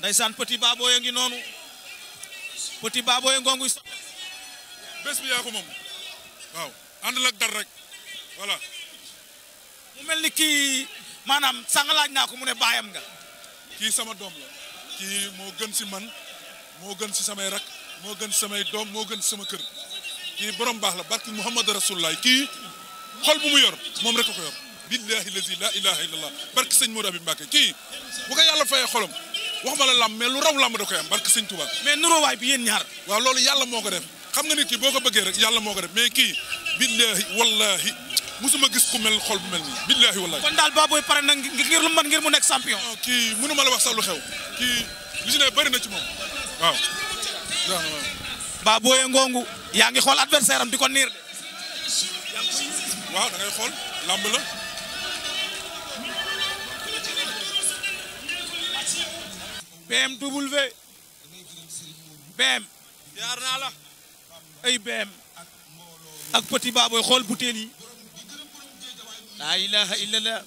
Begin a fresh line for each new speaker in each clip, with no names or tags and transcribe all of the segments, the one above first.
ndaysaan petit baabooy a ngi noonu petit baabo a ngongu so bés bi ko moom waaw àndal ak dar rek voilà mu mel ni kii maanaam sànq naa ko mu baayam nga kii sama doom la kii moo gën si man moo gën si samay rak moo gën si samay doom moo gën si sama kër kii borom baax la barki Muhammad Rasulullah kii xol bu mu yor moom rek ko yor billahi lazi la ilaha illallah barke sëñ Modou Habib Mbacké kii bu ko yàlla fayee wax ma la làmb lu raw làmb da koy am barke sëñ Touba mais nuróowaay bi yéen ñaar waaw loolu yàlla moo ko def xam nga nit ki boo ko bëggee rek yàlla moo ko def mais kii billahi wallahi musuma gis ku mel xol bu mel nii billahi wallahi kon daal Baboy pare na ngir lu mën ngir mu nekk champion kii mënu ma la wax sax lu xew kii li si ne bëri na ci moom waaw Baboye Ngongu yaa ngi xool adversaire am di ko niir waaw da ngay xool lamb la BMW BM jaar naa la ay BM ak petit baboy xool butéel yi laa ilaha illallah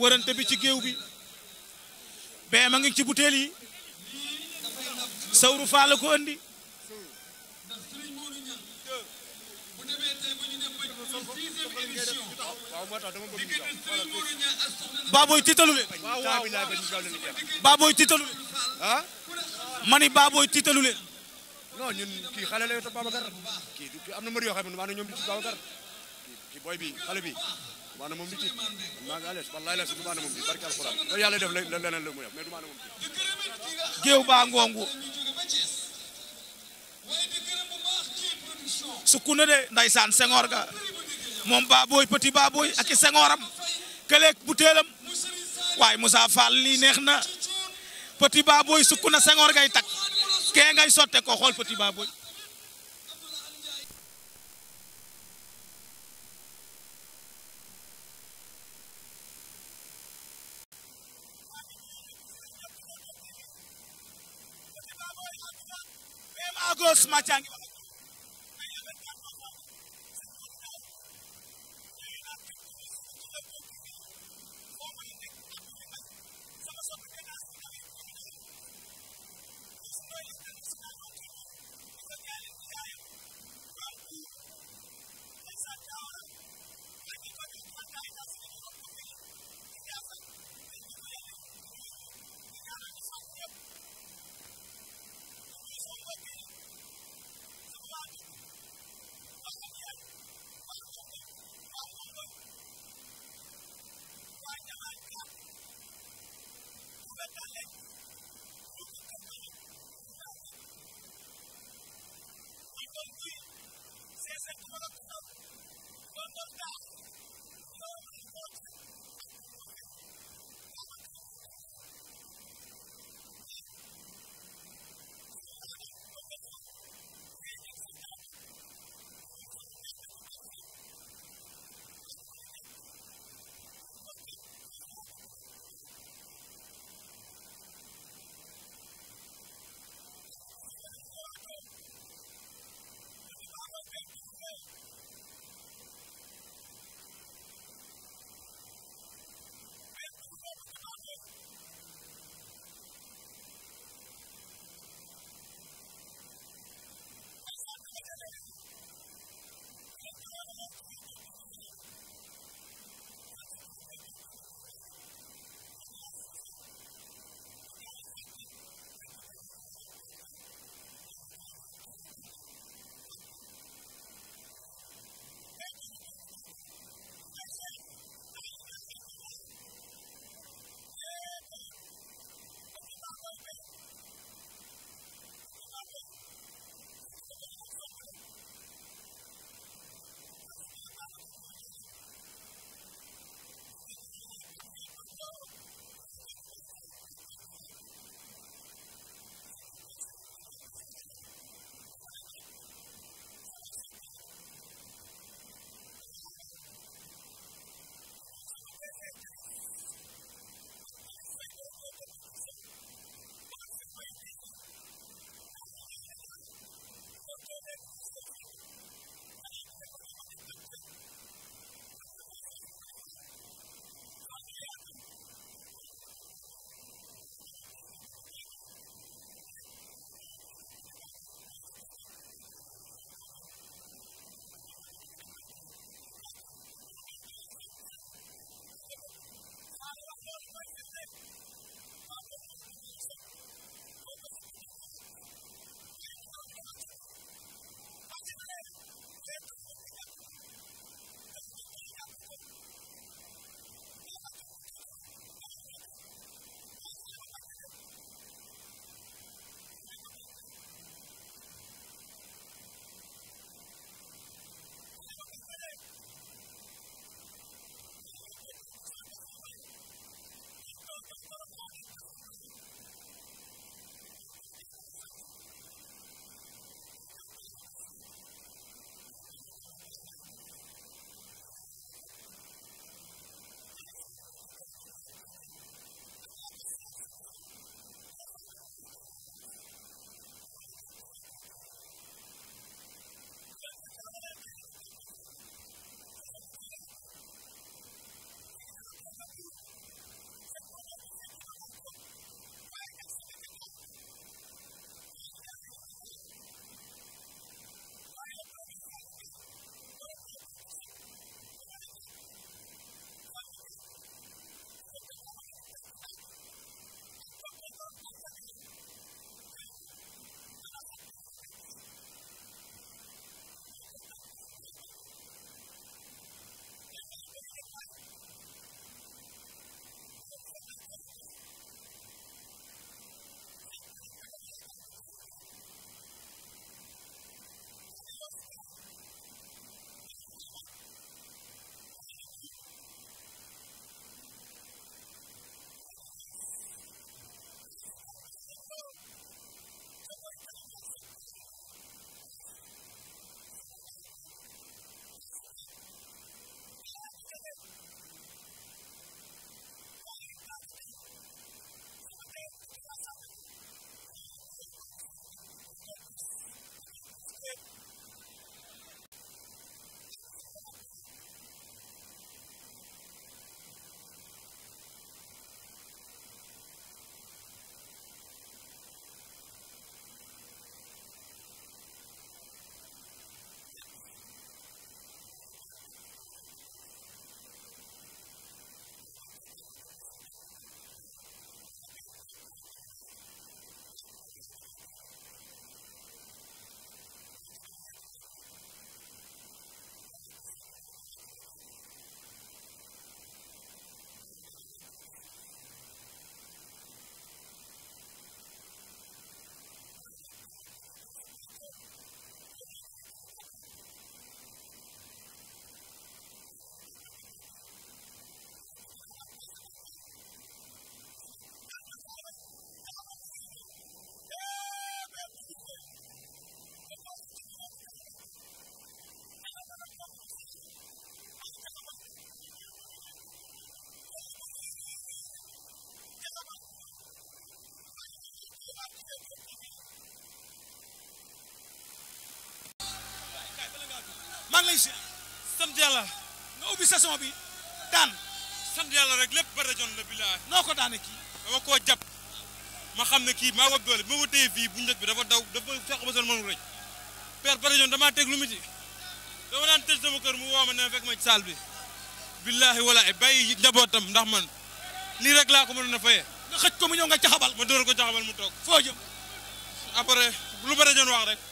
warante bi ci géew bi BM a ngi ci butéel yi sawru faa ko andi bu demee tey ba ñu dem ba sixième édition diggante Serigne Modou Niang ak soxna Baboy tiitalu leen Baboy tiitalu leen ah ma ni Baboy tiitalu leen non ñun kii xale la ta Babacar kii am na mbër yoo xam ne maanaam ñoom di ci Babacar kii booy bi xale bi maanaam moom di ci maa ngi àllees wallaay la si du maanaam moom di barke alxuraan yàlla def leneen la mu def mais du maanaam moom di géew baa ngoongu sukku na de ndaysaan sengoor ga moom baabooy petit baabooy ak i sengooram këleeg bu téelam waaye Moussa Fall lii neex na petit baabooy sukku na sengoor ngay takk kee ngay sotte ko xool petit baabooy
Hallelujah. Sasa tunakuwa kwa mtandao
maa ngi lay si sant yàlla nga ubbi saison bi daan sant yàlla rek lépp bëri jon la bilaa noo ko daane kii dama koo jàpp ma xam ne kii maa ko doole bi ma ko fii bu njëkk bi dafa daw dafa fekk ba son mënu rëj père bëri jon damaa teg lu mu dama daan tëj sama kër mu woo ma ne fekk ma ci saal bi billaahi wala ay njabootam ndax man lii rek laa ko mënoon a fayee
nga xëj ko mu ñëw nga caxabal. ma dóor ko caxabal mu toog foo jëm après lu bare doon wax rek.